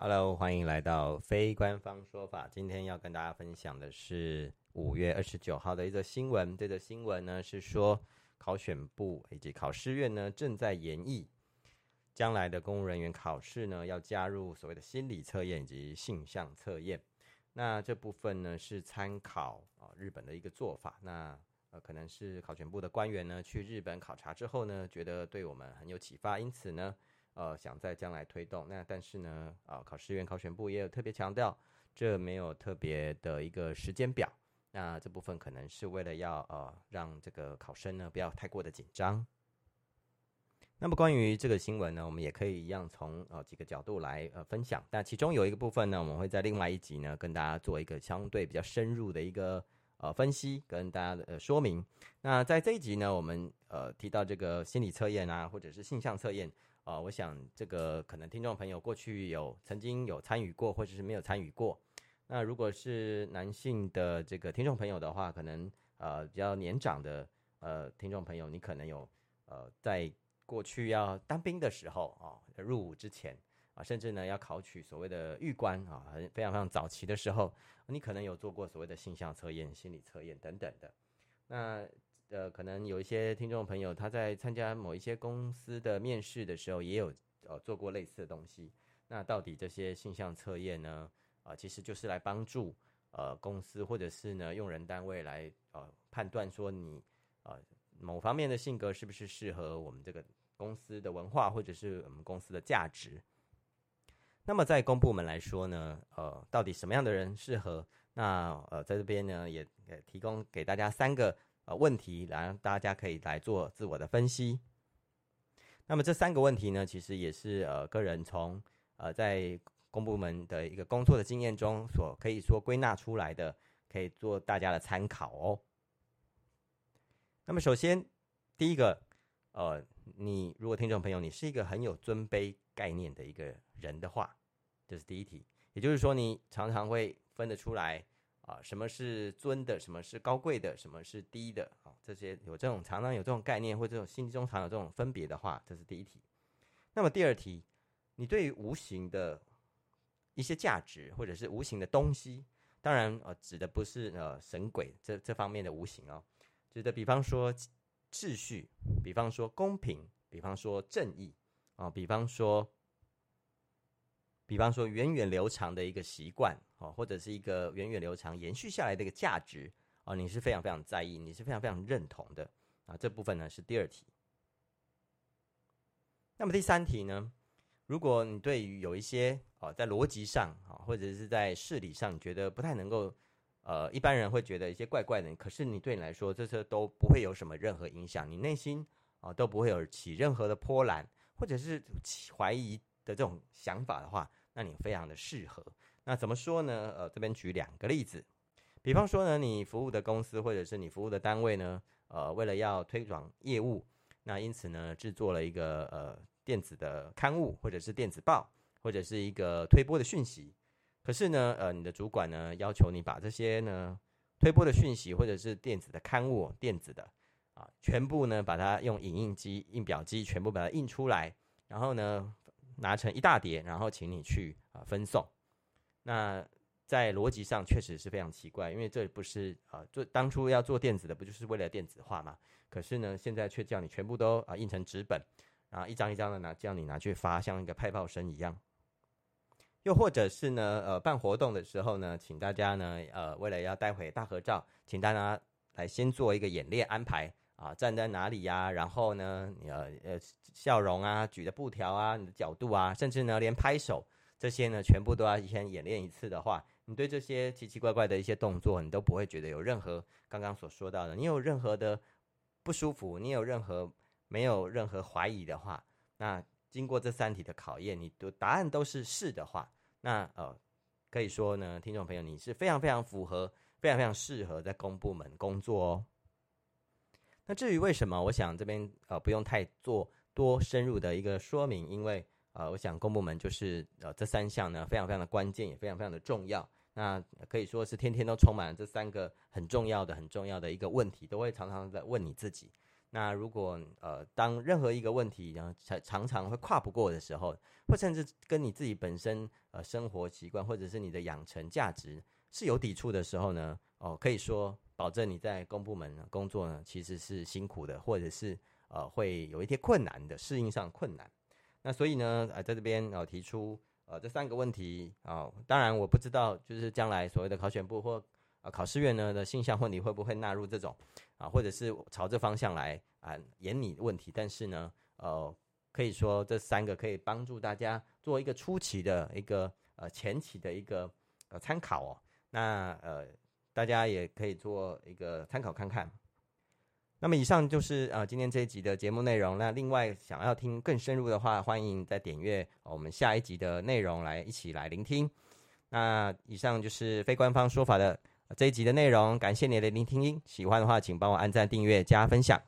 Hello，歡迎來到非官方說法。今天要跟大家分享的是五月二十九號的一則新聞。這則、個、新聞呢是說，考選部以及考試院呢正在研議，將來的公務人員考試呢要加入所謂的心理測驗以及性向測驗。那這部分呢是參考、哦、日本的一個做法。那、呃、可能是考選部的官員呢去日本考察之後呢，覺得對我們很有啟發，因此呢。呃，想在將來推動，那但是呢，啊，考試院考選部也有特別強調，這沒有特別的一個時間表，那這部分可能是為了要呃，讓這個考生呢不要太過的緊張。那麼關於這個新聞呢，我們也可以一樣從呃幾個角度來呃分享，那其中有一個部分呢，我們會在另外一集呢跟大家做一個相對比較深入的一個。呃，分析跟大家的呃說明。那在這一集呢，我們呃提到這個心理測驗啊，或者是性向測驗啊，呃，我想這個可能聽眾朋友過去有曾經有參與過，或者是沒有參與過。那如果是男性的這個聽眾朋友的話，可能呃比較年長的呃聽眾朋友，你可能有呃在過去要當兵的時候啊，哦，入伍之前。啊，甚至呢，要考取所謂的預官啊，很非常非常早期的時候，你可能有做過所謂的性向測驗、心理測驗等等的。那呃，可能有一些聽眾朋友，他在參加某一些公司的面試的時候，也有呃做過類似的東西。那到底這些性向測驗呢？啊、呃，其實就是來幫助呃公司或者是呢用人單位來呃判斷說你呃某方面的性格是不是適合我們這個公司的文化，或者是我們公司的價值。那麼在公部門來說呢，呃，到底什麼樣的人適合？那呃，在這邊呢也，也提供給大家三個呃問題，讓大家可以來做自我的分析。那麼這三個問題呢，其實也是呃個人從呃在公部門的一個工作的經驗中所可以說歸納出來的，可以做大家的參考哦。那麼首先第一個呃。你如果聽眾朋友，你是一個很有尊卑概念的一個人的話，這是第一題，也就是說你常常會分得出來啊，什麼是尊的，什麼是高貴的，什麼是低的、啊、這些有這種常常有這種概念，或者這種心中常有這種分別的話，這是第一題。那麼第二題，你對於無形的一些價值或者是無形的東西，當然呃、啊、指的不是呃神鬼這這方面的無形哦，指的比方說。秩序，比方說公平，比方說正義，啊，比方說，比方說源遠流長的一個習慣啊，或者是一個源遠流長延續下來的一個價值啊，你是非常非常在意，你是非常非常認同的啊。這部分呢是第二題。那麼第三題呢，如果你對於有一些啊，在邏輯上啊，或者是在事理上，你覺得不太能夠。呃，一般人會覺得一些怪怪的，可是你對你來說，這些都不會有什麼任何影響，你內心啊、呃、都不會有起任何的波瀾，或者是起懷疑的這種想法的話，那你非常的適合。那怎麼說呢？呃，這邊舉兩個例子，比方說呢，你服務的公司或者是你服務的單位呢，呃，為了要推廣業務，那因此呢，製作了一個呃電子的刊物，或者是電子報，或者是一個推播的訊息。可是呢，呃，你的主管呢要求你把這些呢推播的訊息或者是電子的刊物，電子的啊，全部呢把它用影印機、印表機全部把它印出來，然後呢拿成一大疊，然後請你去啊分送。那在邏輯上確實是非常奇怪，因為這不是啊做當初要做電子的，不就是為了電子化嗎？可是呢，現在卻叫你全部都啊印成紙本啊一張一張的拿，叫你拿去發，像一個派報生一樣。又或者是呢，呃，辦活動的時候呢，請大家呢，呃，為了要帶回大合照，請大家來先做一個演練安排啊，站在哪裡呀、啊？然後呢，呃呃、啊，笑容啊，舉的布條啊，你的角度啊，甚至呢，連拍手這些呢，全部都要先演練一次的話，你對這些奇奇怪怪的一些動作，你都不會覺得有任何剛剛所說到的，你有任何的不舒服，你有任何沒有任何懷疑的話，那。經過這三題的考驗，你的答案都是是的話，那呃，可以說呢，聽眾朋友，你是非常非常符合、非常非常適合在公部門工作哦。那至於為什麼，我想這邊呃不用太做多深入的一個說明，因為呃，我想公部門就是呃這三項呢非常非常的關鍵，也非常非常的重要。那可以說是天天都充滿了這三個很重要的、很重要的一個問題，都會常常在問你自己。那如果呃，當任何一個問題常、呃、常常會跨不過的時候，或甚至跟你自己本身呃生活習慣或者是你的養成價值是有抵觸的時候呢，哦、呃，可以說保證你在公部門工作呢其實是辛苦的，或者是呃會有一些困難的適應上困難。那所以呢，呃，在這邊哦、呃、提出呃這三個問題哦、呃，當然我不知道就是將來所謂的考選部或、呃、考試院呢的性向問題會不會納入這種。啊，或者是朝這方向來啊，演你的問題。但是呢，呃，可以說這三個可以幫助大家做一個初期的一個呃前期的一個呃參考哦。那呃，大家也可以做一個參考看看。那麼以上就是啊、呃，今天這一集的節目內容。那另外想要聽更深入的話，歡迎再點閱我們下一集的內容，來一起來聆聽。那以上就是非官方說法的這一集的內容，感謝你的聆聽音。喜歡的話，請幫我按讚、訂閱、加分享。